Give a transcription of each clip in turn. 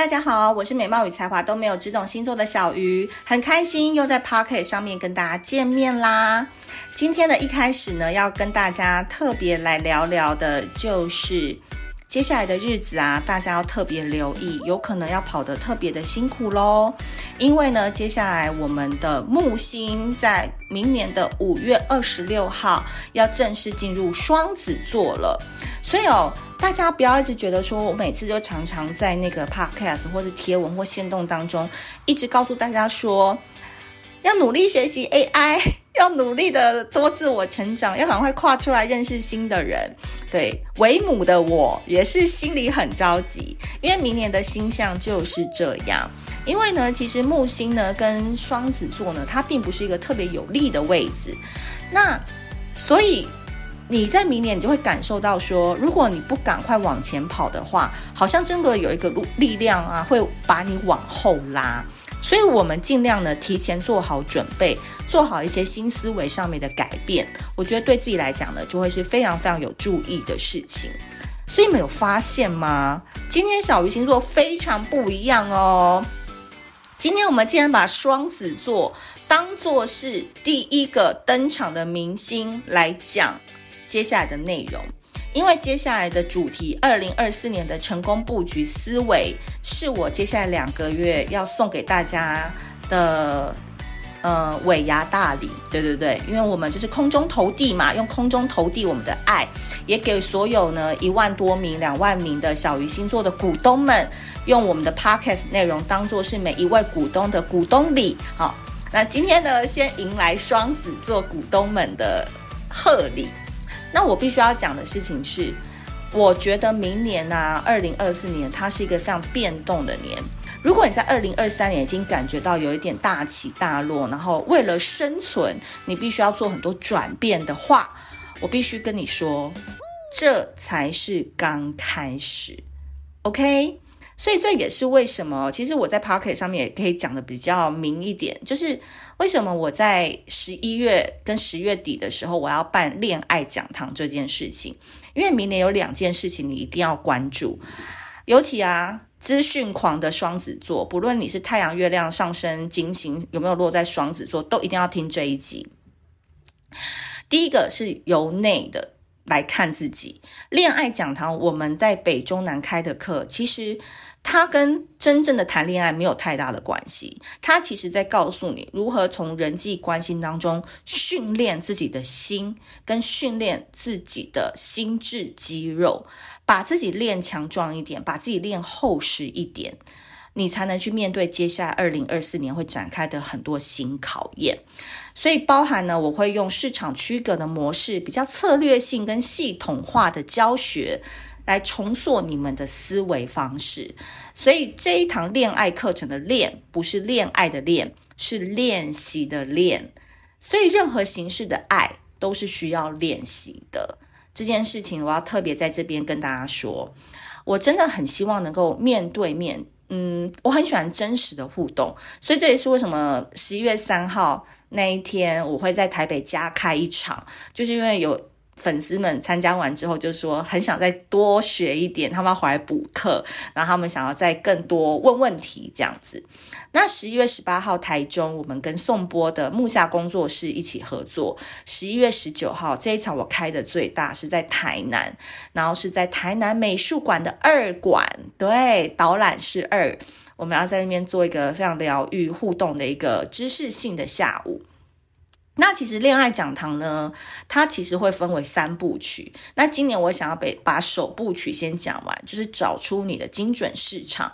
大家好，我是美貌與才華都沒有、只懂星座的小魚，很開心又在 Pocket 上面跟大家見面啦。今天的一開始呢，要跟大家特別來聊聊的就是。接下來的日子啊，大家要特別留意，有可能要跑得特別的辛苦嘍。因為呢，接下來我們的木星在明年的五月二十六號要正式進入雙子座了，所以哦，大家不要一直覺得說，我每次就常常在那個 podcast 或者貼文或限動當中一直告訴大家說。要努力學習 AI，要努力的多自我成長，要趕快跨出來認識新的人。對，為母的我也是心裡很着急，因為明年的星象就是這樣。因為呢，其實木星呢跟雙子座呢，它並不是一個特別有利的位置。那所以你在明年你就會感受到說，如果你不趕快往前跑的話，好像真的有一個力力量啊，會把你往後拉。所以，我們盡量呢，提前做好準備，做好一些新思維上面的改變。我覺得對自己來講呢，就會是非常非常有助益的事情。所以，你們有發現嗎？今天小魚星座非常不一樣哦。今天我們竟然把雙子座當做是第一個登場的明星來講接下來的內容。因為接下來的主題，二零二四年的成功佈局思維，是我接下來兩個月要送給大家的，呃，尾牙大禮。對對對，因為我們就是空中投遞嘛，用空中投遞我們的愛，也給所有呢一萬多名、兩萬名的小魚星座的股東們，用我們的 podcast 內容當做是每一位股東的股東禮。好，那今天呢，先迎來雙子座股東們的賀禮。那我必須要講的事情是，我覺得明年啊，二零二四年它是一個非常變動的年。如果你在二零二三年已經感覺到有一點大起大落，然後為了生存，你必須要做很多轉變的話，我必須跟你說，這才是剛開始。OK，所以這也是為什麼，其實我在 Podcast 上面也可以講的比較明一點，就是。為什麼我在十一月跟十月底的時候，我要辦練愛講堂這件事情？因為明年有兩件事情你一定要關注，尤其啊，資訊狂的雙子座，不論你是太陽、月亮、上升、金星有沒有落在雙子座，都一定要聽這一集。第一個是由內的。來看自己，練愛講堂，我們在北中南開的課，其實它跟真正的談戀愛沒有太大的關係。它其實在告訴你如何從人際關係當中訓練自己的心，跟訓練自己的心智肌肉，把自己練強壯一點，把自己練厚實一點。你才能去面對接下來二零二四年會展開的很多新考驗，所以包含呢，我會用市場區隔的模式，比較策略性跟系統化的教學，來重塑你們的思維方式。所以這一堂戀愛課程的“戀”不是戀愛的“戀”，是練習的“練”。所以任何形式的愛都是需要練習的。這件事情我要特別在這邊跟大家說。我真的很希望能夠面對面。嗯，我很喜歡真實的互動，所以這也是為什麼十一月三號那一天我會在台北加開一場，就是因為有。粉絲們參加完之後就說很想再多學一點，他們要回來補課，然後他們想要再更多問問題這樣子。那十一月十八號，台中我們跟頌缽的木下工作室一起合作。十一月十九號這一場我開的最大是在台南，然後是在台南美術館的二館，對，導覽是二，我們要在那邊做一個非常療癒互動的一個知識性的下午。那其實練愛講堂呢，它其實會分為三部曲。那今年我想要被把首部曲先講完，就是找出你的精準市場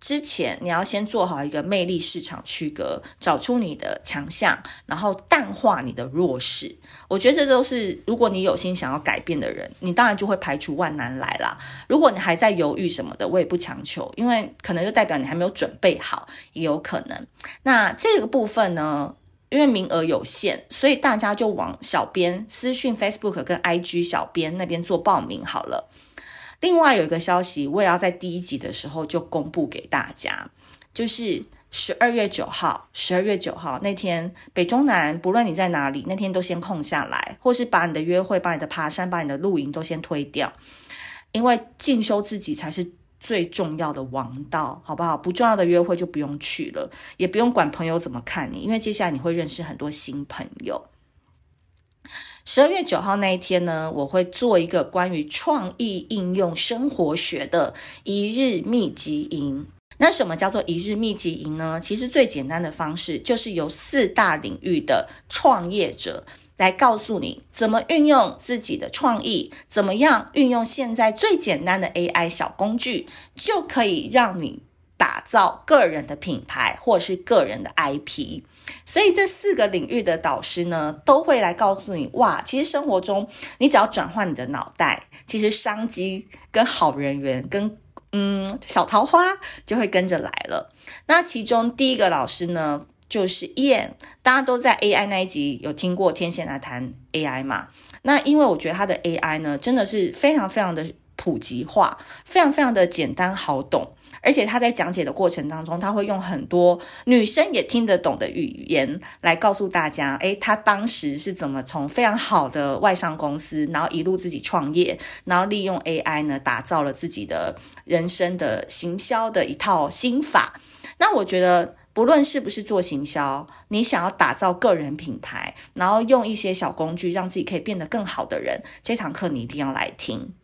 之前，你要先做好一個魅力市場區隔，找出你的強項，然後淡化你的弱勢。我覺得這都是如果你有心想要改變的人，你當然就會排除萬難來啦。如果你還在猶豫什麼的，我也不強求，因為可能就代表你還沒有準備好，也有可能。那這個部分呢？因為名額有限，所以大家就往小編私訊 Facebook 跟 IG 小編那邊做報名好了。另外有一個消息，我也要在第一集的時候就公布給大家，就是十二月九號，十二月九號那天，北中南不論你在哪裡，那天都先空下來，或是把你的約會、把你的爬山、把你的露營都先推掉，因為進修自己才是。最重要的王道，好不好？不重要的約會就不用去了，也不用管朋友怎麼看你，因為接下來你會認識很多新朋友。十二月九號那一天呢，我會做一個關於創意應用生活學的一日密集營。那什麼叫做一日密集營呢？其實最簡單的方式就是由四大領域的創業者。來告訴你怎麼運用自己的創意，怎麼樣運用現在最簡單的 AI 小工具，就可以讓你打造個人的品牌或者是個人的 IP。所以這四個領域的導師呢，都會來告訴你哇，其實生活中你只要轉換你的腦袋，其實商機跟好人緣跟嗯小桃花就會跟着來了。那其中第一個老師呢，就是燕，大家都在 AI 那一集有聽過天線來談 AI 嘛？那因為我覺得他的 AI 呢，真的是非常非常的普及化，非常非常的簡單好懂，而且他在講解的過程當中，他會用很多女生也聽得懂的語言來告訴大家，哎，他當時是怎麼從非常好的外商公司，然後一路自己創業，然後利用 AI 呢，打造了自己的人生的行銷的一套心法。那我覺得。不論是不是做行銷，你想要打造個人品牌，然後用一些小工具讓自己可以變得更好的人，這堂課你一定要來聽。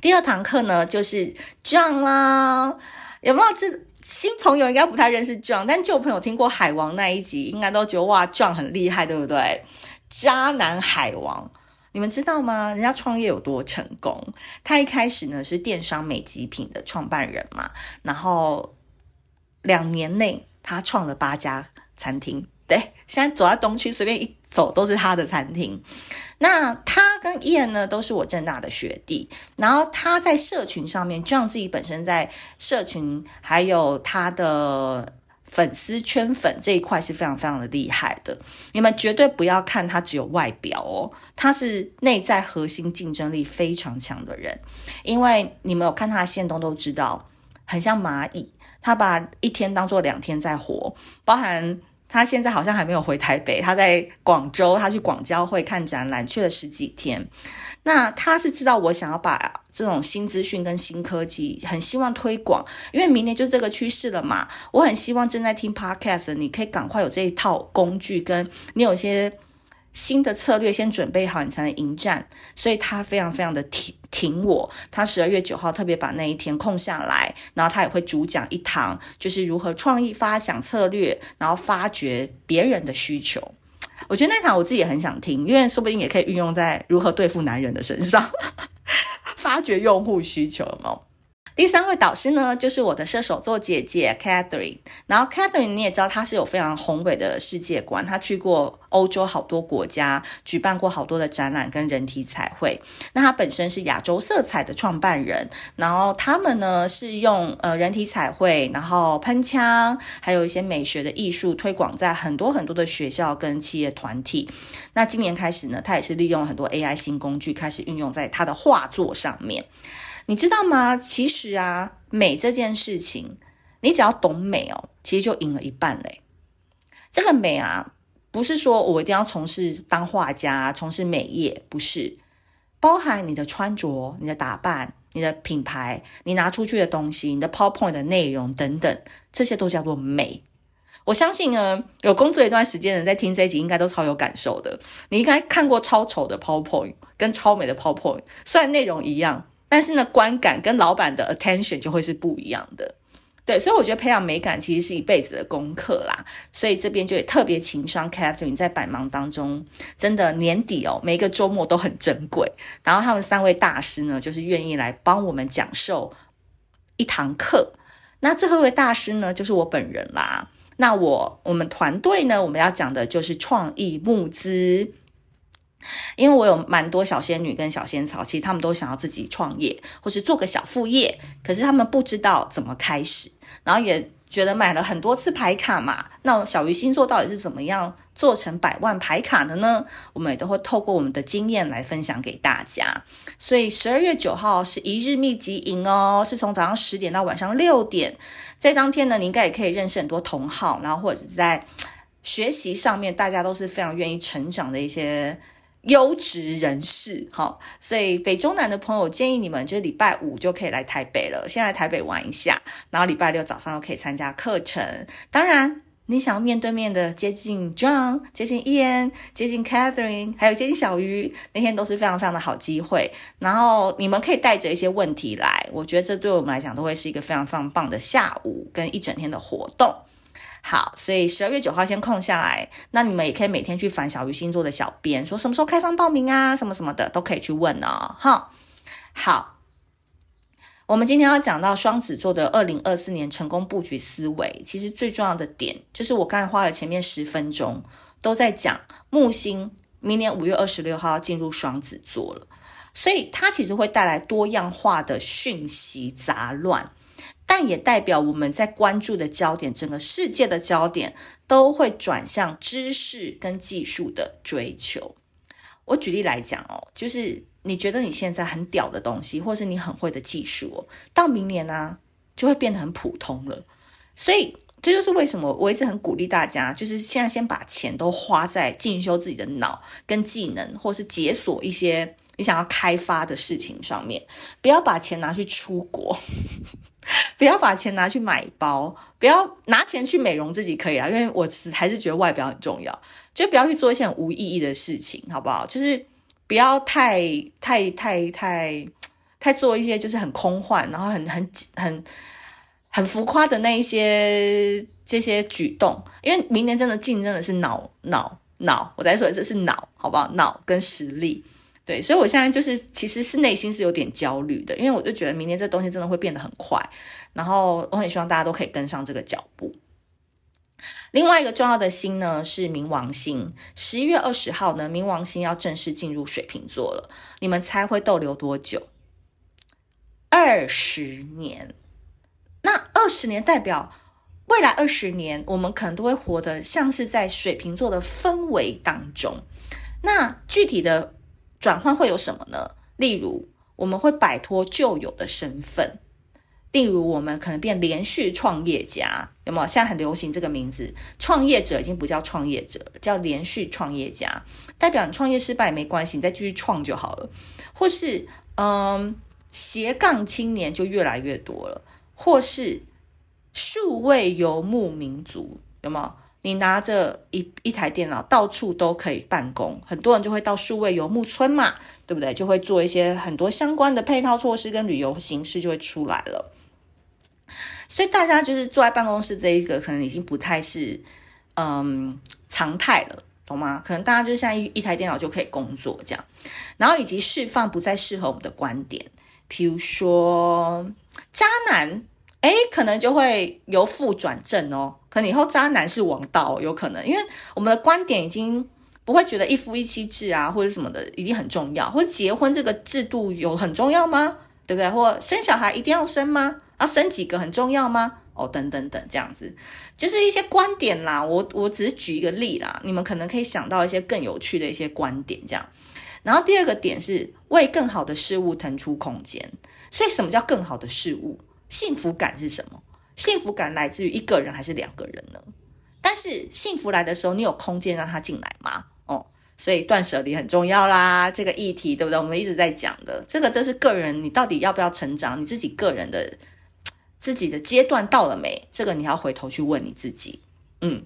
第二堂課呢，就是壯啦、啊，有沒有？這新朋友應該不太認識壯，但舊朋友聽過海王那一集，應該都覺得哇，壯很厲害，對不對？渣男海王，你們知道嗎？人家創業有多成功？他一開始呢是電商美極品的創辦人嘛，然後兩年內。他創了八家餐廳，對，現在走到東區隨便一走都是他的餐廳。那他跟 Ian 呢，都是我政大的學弟。然後他在社群上面，就像自己本身在社群還有他的粉絲圈粉這一塊是非常非常的厲害的。你們絕對不要看他只有外表哦，他是內在核心競爭力非常強的人，因為你們有看他的限動都知道，很像螞蟻。他把一天當做兩天在活，包含他現在好像還沒有回台北，他在廣州，他去廣交會看展覽去了十幾天。那他是知道我想要把這種新資訊跟新科技很希望推廣，因為明年就這個趨勢了嘛。我很希望正在聽 Podcast，你可以趕快有這一套工具，跟你有一些新的策略先準備好，你才能迎戰。所以他非常非常的體。聽我，他十二月九號特別把那一天空下來，然後他也會主講一堂，就是如何創意發想策略，然後發掘別人的需求。我覺得那堂我自己也很想聽，因為說不定也可以運用在如何對付男人的身上， 發掘用戶需求嘛。第三位導師呢，就是我的射手座姐姐 Catherine。然後 Catherine，你也知道，她是有非常宏偉的世界觀。她去過歐洲好多國家，舉辦過好多的展覽跟人體彩繪。那她本身是亞洲色彩的創辦人。然後他們呢，是用呃人體彩繪，然後噴槍，還有一些美學的藝術推廣在很多很多的學校跟企業團體。那今年開始呢，她也是利用很多 AI 新工具，開始運用在她的畫作上面。你知道嗎？其實啊，美這件事情，你只要懂美哦，其實就贏了一半嘞。這個美啊，不是說我一定要從事當畫家、從事美業，不是，包含你的穿着、你的打扮、你的品牌、你拿出去的東西、你的 PowerPoint 的內容等等，這些都叫做美。我相信呢，有工作一段時間的人在聽這集，應該都超有感受的。你應該看過超醜的 PowerPoint 跟超美的 PowerPoint，雖然內容一樣。但是呢，觀感跟老闆的 attention 就會是不一樣的，對，所以我覺得培養美感其實是一輩子的功課啦。所以這邊就也特別情商 Catherine 在百忙當中，真的年底哦，每個周末都很珍貴。然後他們三位大師呢，就是願意來幫我們講授一堂課。那最後一位大師呢，就是我本人啦。那我我們團隊呢，我們要講的就是創意募資。因為我有蠻多小仙女跟小仙草，其實他們都想要自己創業或是做個小副業，可是他們不知道怎麼開始，然後也覺得買了很多次牌卡嘛。那小魚星座到底是怎麼樣做成百萬牌卡的呢？我們也都會透過我們的經驗來分享給大家。所以十二月九號是一日密集營哦，是從早上十點到晚上六點，在當天呢，你應該也可以認識很多同好，然後或者是在學習上面，大家都是非常願意成長的一些優質人士，哈，所以北中南的朋友建議你們，就禮拜五就可以來台北了，先來台北玩一下，然後禮拜六早上就可以參加課程。當然，你想要面對面的接近 John、接近 Ian、接近 Catherine，還有接近小魚，那天都是非常非常的好機會。然後你們可以帶着一些問題來，我覺得這對我們來講都會是一個非常非常棒的下午跟一整天的活動。好，所以十二月九號先空下來。那你們也可以每天去翻小魚星座的小編，說什麼時候開放報名啊，什麼什麼的都可以去問呢、哦。哈，好，我們今天要講到雙子座的二零二四年成功布局思維。其實最重要的點，就是我剛才花了前面十分鐘都在講木星明年五月二十六號要進入雙子座了，所以它其實會帶來多樣化的訊息雜亂。但也代表我們在關注的焦點，整個世界的焦點都會轉向知識跟技術的追求。我舉例來講哦，就是你覺得你現在很屌的東西，或是你很會的技術哦，到明年呢、啊、就會變得很普通了。所以這就是為什麼我一直很鼓勵大家，就是現在先把錢都花在進修自己的腦跟技能，或是解鎖一些。你想要開發的事情上面，不要把錢拿去出國， 不要把錢拿去買包，不要拿錢去美容，自己可以啊，因為我還是覺得外表很重要，就不要去做一些很無意義的事情，好不好？就是不要太太太太太做一些就是很空幻，然後很很很很浮誇的那一些這些舉動，因為明年真的競爭的是腦腦腦，我在說這是腦，好不好？腦跟實力。對，所以我現在就是，其實是內心是有點焦慮的，因為我就覺得明天這東西真的會變得很快，然後我很希望大家都可以跟上這個腳步。另外一個重要的星呢是冥王星，十一月二十號呢，冥王星要正式進入水瓶座了。你們猜會逗留多久？二十年。那二十年代表未來二十年，我們可能都會活得像是在水瓶座的氛圍當中。那具體的。轉換會有什麼呢？例如，我們會擺脫舊有的身份；例如，我們可能變連續創業家，有沒有？現在很流行這個名字，創業者已經不叫創業者，叫連續創業家，代表你創業失敗沒關係，你再繼續創就好了。或是，嗯，斜槓青年就越來越多了；或是，數位游牧民族，有沒有？你拿着一一台電腦，到處都可以辦公，很多人就會到數位游牧村嘛，對不對？就會做一些很多相關的配套措施跟旅遊形式就會出來了。所以大家就是坐在辦公室這一個，可能已經不太是嗯常態了，懂嗎？可能大家就是像一一台電腦就可以工作這樣，然後以及釋放不再適合我們的觀點，譬如說渣男，哎，可能就會由負轉正哦。可能以後渣男是王道，有可能，因為我們的觀點已經不會覺得一夫一妻制啊或者什麼的已經很重要，或者結婚這個制度有很重要嗎？對不對？或生小孩一定要生嗎？要、啊、生幾個很重要嗎？哦，等等等，這樣子就是一些觀點啦。我我只是舉一個例啦，你們可能可以想到一些更有趣的一些觀點這樣。然後第二個點是為更好的事物騰出空間。所以什麼叫更好的事物？幸福感是什麼？幸福感來自於一個人還是兩個人呢？但是幸福來的時候，你有空間讓他進來嗎？哦，所以斷捨離很重要啦，這個議題對不對？我們一直在講的，這個這是個人，你到底要不要成長？你自己個人的自己的階段到了沒？這個你要回頭去問你自己。嗯，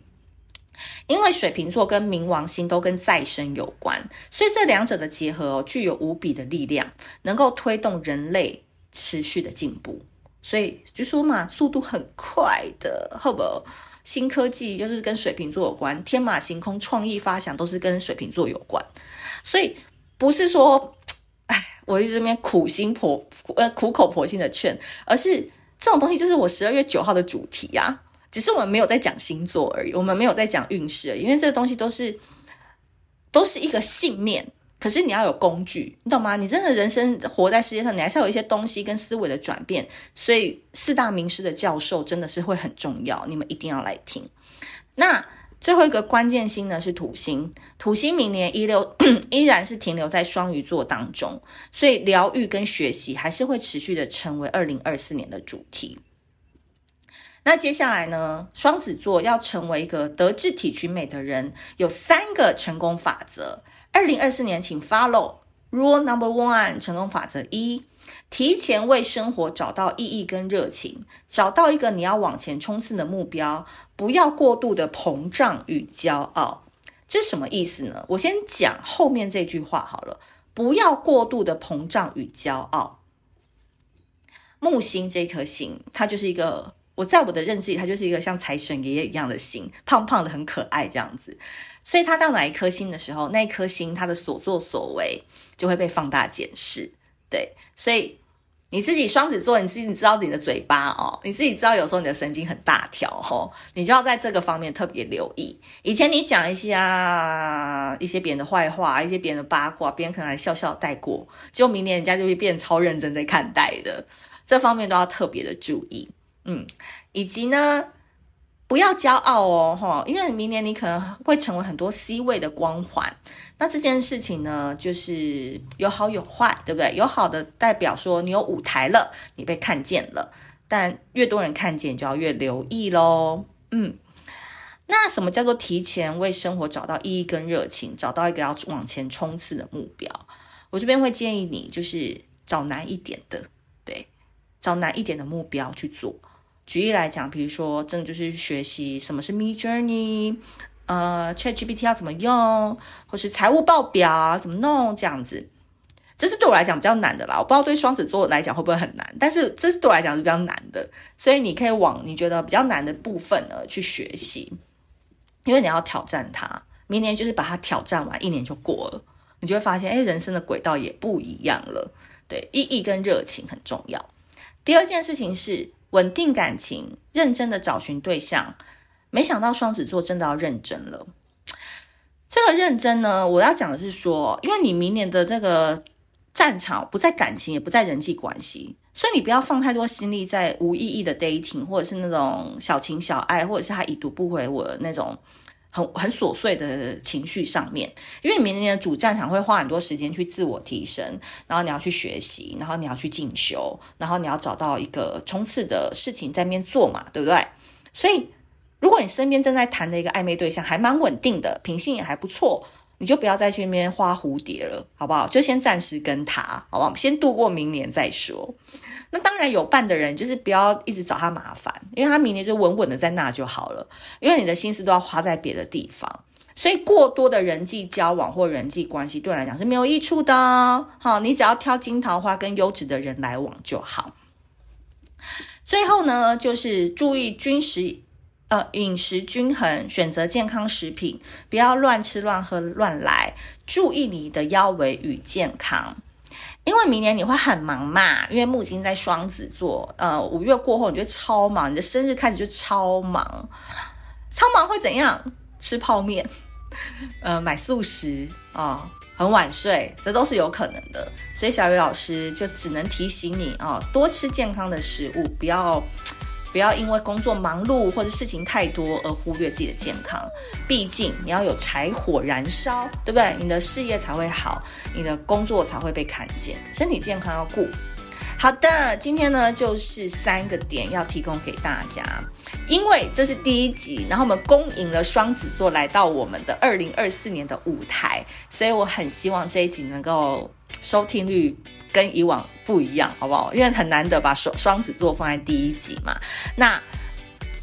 因為水瓶座跟冥王星都跟再生有關，所以這兩者的結合，哦，具有無比的力量，能夠推動人類持續的進步。所以就說嘛，速度很快的，好不好？新科技就是跟水瓶座有關，天馬行空、創意發想都是跟水瓶座有關。所以不是說，哎，我在這邊苦心婆呃苦口婆心的勸，而是這種東西就是我十二月九號的主題呀、啊。只是我們沒有在講星座而已，我們沒有在講運勢而已，因為這個東西都是都是一個信念。可是你要有工具，你懂嗎？你真的人生活在世界上，你還是要有一些東西跟思維的轉變。所以四大名師的教授真的是會很重要，你們一定要來聽。那最後一個關鍵星呢是土星，土星明年依留依然是停留在雙魚座當中，所以療癒跟學習還是會持續的成為二零二四年的主題。那接下來呢，雙子座要成為一個德智體群美的人，有三個成功法則。二零二四年，請 follow rule number one 成功法則一：提前為生活找到意義跟熱情，找到一個你要往前衝刺的目標。不要過度的膨脹與驕傲，這什麼意思呢？我先講後面這句話好了，不要過度的膨脹與驕傲。木星這顆星，它就是一個。我在我的認知裡，他就是一個像財神爺爺一樣的星，胖胖的，很可愛這樣子。所以他到哪一顆星的時候，那一顆星他的所作所為就會被放大檢視。對，所以你自己雙子座，你自己知道你的嘴巴哦，你自己知道有時候你的神經很大條哦。你就要在這個方面特別留意。以前你講一下一些別人的壞話，一些別人的八卦，別人可能還笑笑帶過，結果明年人家就會變超認真在看待的，這方面都要特別的注意。嗯，以及呢，不要驕傲哦，齁，因為明年你可能會成為很多 C 位的光環。那這件事情呢，就是有好有壞，對不對？有好的代表說你有舞台了，你被看見了，但越多人看見，就要越留意嘍。嗯，那什麼叫做提前為生活找到意義跟熱情，找到一個要往前衝刺的目標？我這邊會建議你，就是找難一點的，對，找難一點的目標去做。舉例來講，比如說真的就是學習什麼是 Midjourney，呃，Chat GPT 要怎麼用，或是財務報表啊，怎麼弄這樣子，這是對我來講比較難的啦。我不知道對雙子座來講會不會很難，但是這是對我來講是比較難的。所以你可以往你覺得比較難的部分呢去學習，因為你要挑戰它。明年就是把它挑戰完，一年就過了，你就會發現，哎，人生的軌道也不一樣了。對，意義跟熱情很重要。第二件事情是。穩定感情，認真的找尋對象，沒想到雙子座真的要認真了。這個認真呢，我要講的是說，因為你明年的這個戰場不在感情，也不在人際關係，所以你不要放太多心力在無意義的 dating，或者是那種小情小愛，或者是他已讀不回我的那種。很很瑣碎的情緒上面，因為你明年的主戰場會花很多時間去自我提升，然後你要去學習，然後你要去進修，然後你要找到一個衝刺的事情在面做嘛，對不對？所以，如果你身邊正在談的一個曖昧對象還蠻穩定的，品性也還不錯。你就不要再去那邊花蝴蝶了，好不好？就先暫時跟他，好不好？先度過明年再說。那當然有伴的人，就是不要一直找他麻煩，因為他明年就穩穩的在那就好了。因為你的心思都要花在別的地方，所以過多的人際交往或人際關係，對來講是沒有益處的。好，你只要挑金桃花跟優質的人來往就好。最後呢，就是注意軍事。呃，飲食均衡，選擇健康食品，不要亂吃亂喝亂來，注意你的腰圍與健康。因為明年你會很忙嘛，因為木星在雙子座，呃，五月過後你就超忙，你的生日開始就超忙，超忙會怎樣？吃泡麵，呃，買速食啊、呃，很晚睡，這都是有可能的。所以小雨老師就只能提醒你啊、呃，多吃健康的食物，不要。不要因為工作忙碌，或者事情太多而忽略自己的健康，畢竟你要有柴火燃燒，對不對？你的事業才會好，你的工作才會被看見。身體健康要顧。好的，今天呢，就是三個點要提供給大家，因為這是第一集，然後我們恭迎了雙子座來到我們的二零二四年的舞台，所以我很希望這一集能夠收聽率跟以往不一樣，好不好？因為很難得把雙雙子座放在第一集嘛。那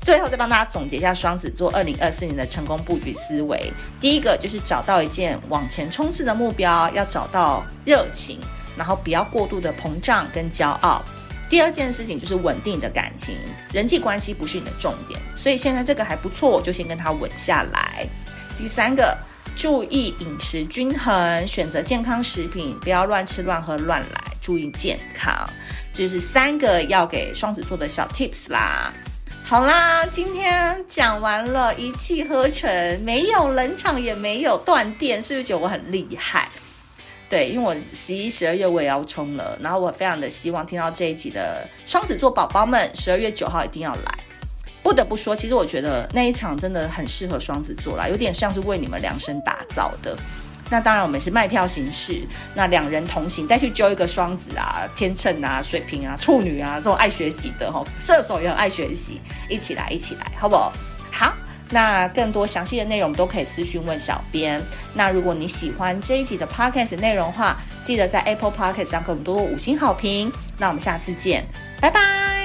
最後再幫大家總結一下雙子座二零二四年的成功布局思維。第一個就是找到一件往前衝刺的目標，要找到熱情，然後不要過度的膨脹跟驕傲。第二件事情就是穩定你的感情，人際關係不是你的重點，所以現在這個還不錯，我就先跟他穩下來。第三個，注意飲食均衡，選擇健康食品，不要亂吃亂喝亂來。注意健康，這、就是三個要給雙子座的小 tips 啦。好啦，今天講完了一氣呵成，沒有冷場也沒有斷電，是不是覺得我很厲害？對，因為我十一、十二月我也要衝了，然後我非常的希望聽到這一集的雙子座寶寶們，十二月九號一定要來。不得不說，其實我覺得那一場真的很適合雙子座啦，有點像是為你們量身打造的。那當然，我們是賣票形式，那兩人同行再去揪一個雙子啊、天秤啊、水瓶啊、處女啊這種愛學習的哈、哦，射手也很愛學習，一起來，一起來，好不好？好，那更多詳細的內容都可以私訊問小編。那如果你喜歡這一集的 Podcast 內容的話，記得在 Apple Podcast 上給我們多多五星好評。那我們下次見，拜拜。